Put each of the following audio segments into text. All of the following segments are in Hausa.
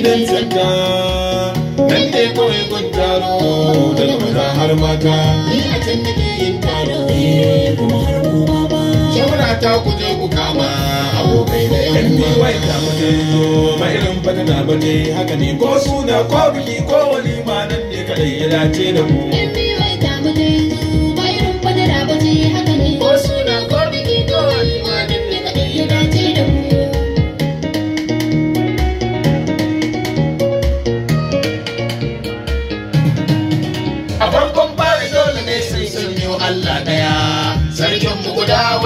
gidan tsaka nan ne kawai kun taro har mata ni a can yin taro kuma ta ku ku kama abokai da yan uwa ba ne haka ne ko suna ko biki ko ma nan ne kadai ya dace da mu wai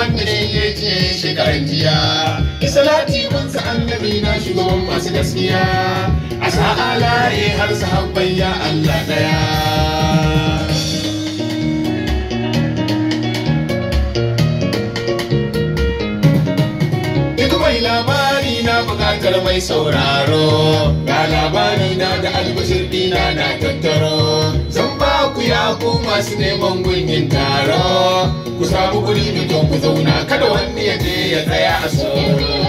wanda ne ya ce shekaran jiya mun sa annabi na shugaban masu gaskiya a sa'a layi har sahabban ya Allah daya mai labari na bukatar mai sauraro ga labari na da albashir dina na tattaro masu neman gungin taro ku samu guri mai kyau ku zauna kada wani ya je ya tsaya a so an zamani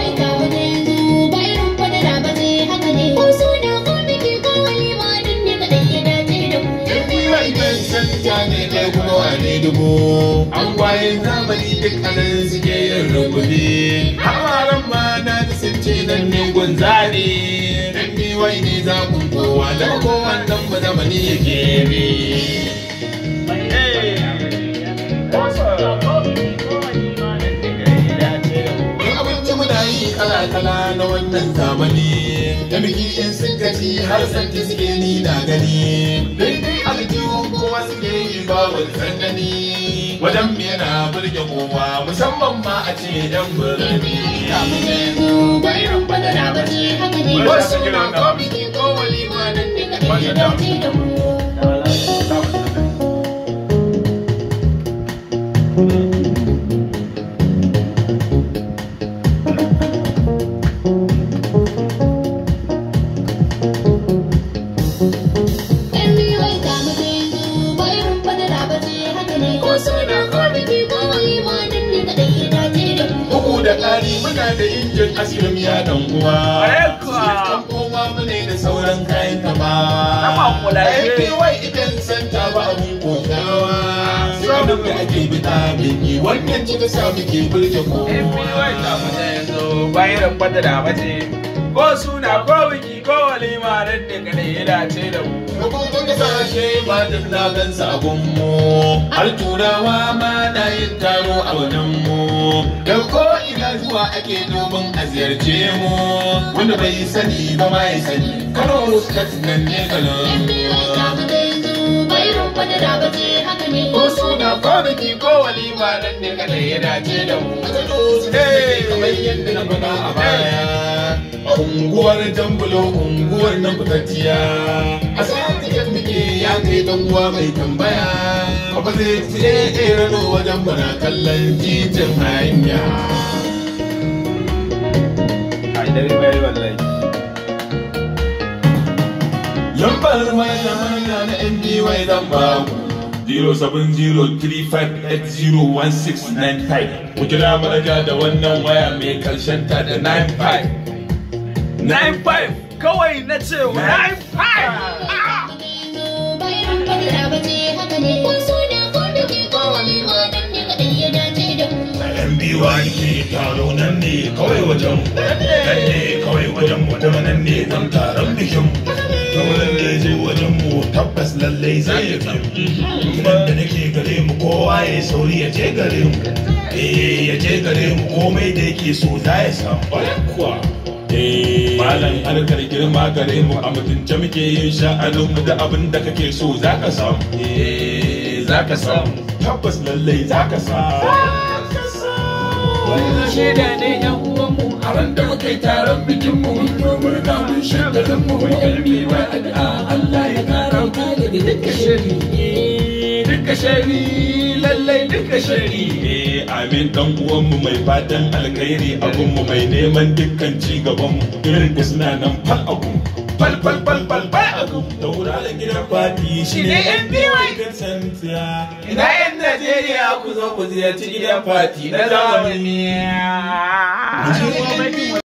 duk anan suke yin rububi hawaran ma na nan ne gunzani biwai ne kowa da kowannan mu zamani yake bi yi kala-kala na wannan zamani da biki in suka ci har santi suke ni na gani daidai aljihu kuma suke yi babu sandani wajen me yana burge kowa musamman ma a ce yan birni kamu ne zo bayan fadana ba ce haka ne wasu na ko biki ko walima nan da kake da mu muna da injin asirin ya dan uwa kowa mune da sauran kayan kama APY idan santa ba a abin kokawa samun da ake bita biki wannan ci ta samu ke burge kowa APY ta mata yanzu bayan rabbata da bace ko suna ko wiki, ko walima nan da kada ya ce da mu hukuncin kasashe ba duk na gan sabon mu har turawa ma na yin taro a wannan mu zuwa ake domin a ziyarce mu wanda bai sani ba ma ya sani kano muskat nan ne kano ko suna ko biki ko walima nan ne kada ya dace da mu kamar yadda na faɗa a baya unguwar jambulo unguwar na fitattiya a sayan tiket muke ya kai dan uwa mai tambaya ba zai ce irin wajen mana kallon titin hanya very, very well. Like. Lambar mai da Zero seven zero three five eight zero one six nine five. na NDY number ba ku. 0703580165 ku kira manaja da wannan waya mai karshen ta da 95 95 kawai na Nine five. nan ne kawai wajen nan ne kawai wajen mu kuma nan ne dan taron bikin Dole ne zai wajen mu tabbas lallai zai yi Nan da nake gare mu kowa ya sauri ya je gare mu Eh ya je gare mu komai da yake so za ya samu kuwa Malam harkar girma gare mu a mutunce muke yin sha'anin mu da abin da kake so za ka samu Eh za ka samu tabbas lallai za ka samu mun gashe da ne yan uwanmu a ran da muka yi taron bikin mu mun zo murna mun shekarun mu mun ilmi wa addu'a Allah ya kara mu da duka shari dukkan shari lallai dukkan shari amin dan uwanmu mai fatan alkhairi abun mu mai neman dukkan ci gaban mu irin suna nan fa abu bal bal bal bal bal abu da wuraren gidan kwafi shine ne yan biyu santiya ina yan najeriya ku zo ku ziyarci gidan fati na zamani